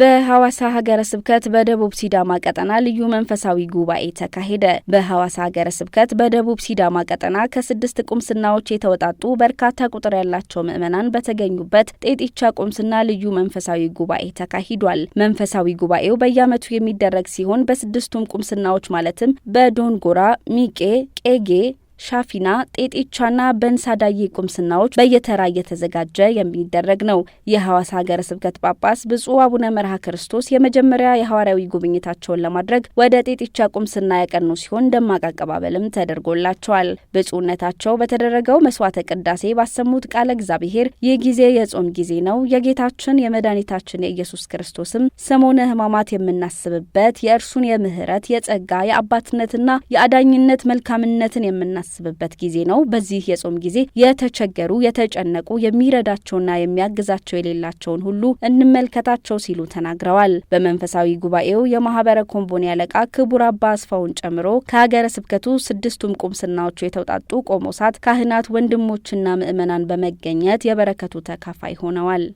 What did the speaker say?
በሐዋሳ ሀገረ ስብከት በደቡብ ሲዳማ ቀጠና ልዩ መንፈሳዊ ጉባኤ ተካሄደ። በሐዋሳ ሀገረ ስብከት በደቡብ ሲዳማ ቀጠና ከስድስት ቁምስናዎች የተወጣጡ በርካታ ቁጥር ያላቸው ምዕመናን በተገኙበት ጤጤቻ ቁምስና ልዩ መንፈሳዊ ጉባኤ ተካሂዷል። መንፈሳዊ ጉባኤው በየዓመቱ የሚደረግ ሲሆን በስድስቱም ቁምስናዎች ማለትም በዶንጎራ፣ ሚቄ፣ ቄጌ፣ ሻፊና፣ ጤጤቻና በንሳዳዬ ቁምስናዎች በየተራ እየተዘጋጀ የሚደረግ ነው። የሐዋሳ ሀገረ ስብከት ጳጳስ ብፁዕ አቡነ መርሃ ክርስቶስ የመጀመሪያ የሐዋርያዊ ጉብኝታቸውን ለማድረግ ወደ ጤጤቻ ቁምስና ያቀኑ ሲሆን ደማቅ አቀባበልም ተደርጎላቸዋል። ብፁዕነታቸው በተደረገው መስዋዕተ ቅዳሴ ባሰሙት ቃለ እግዚአብሔር ይህ ጊዜ የጾም ጊዜ ነው፣ የጌታችን የመድኃኒታችን የኢየሱስ ክርስቶስም ሰሞነ ሕማማት የምናስብበት የእርሱን የምህረት የጸጋ የአባትነትና የአዳኝነት መልካምነትን የምናስ የምናስብበት ጊዜ ነው። በዚህ የጾም ጊዜ የተቸገሩ፣ የተጨነቁ፣ የሚረዳቸውና የሚያግዛቸው የሌላቸውን ሁሉ እንመልከታቸው ሲሉ ተናግረዋል። በመንፈሳዊ ጉባኤው የማህበረ ኮምቦኒ አለቃ ክቡር አባ አስፋውን ጨምሮ ከሀገረ ስብከቱ ስድስቱም ቁምስናዎቹ የተውጣጡ ቆሞሳት፣ ካህናት፣ ወንድሞችና ምዕመናን በመገኘት የበረከቱ ተካፋይ ሆነዋል።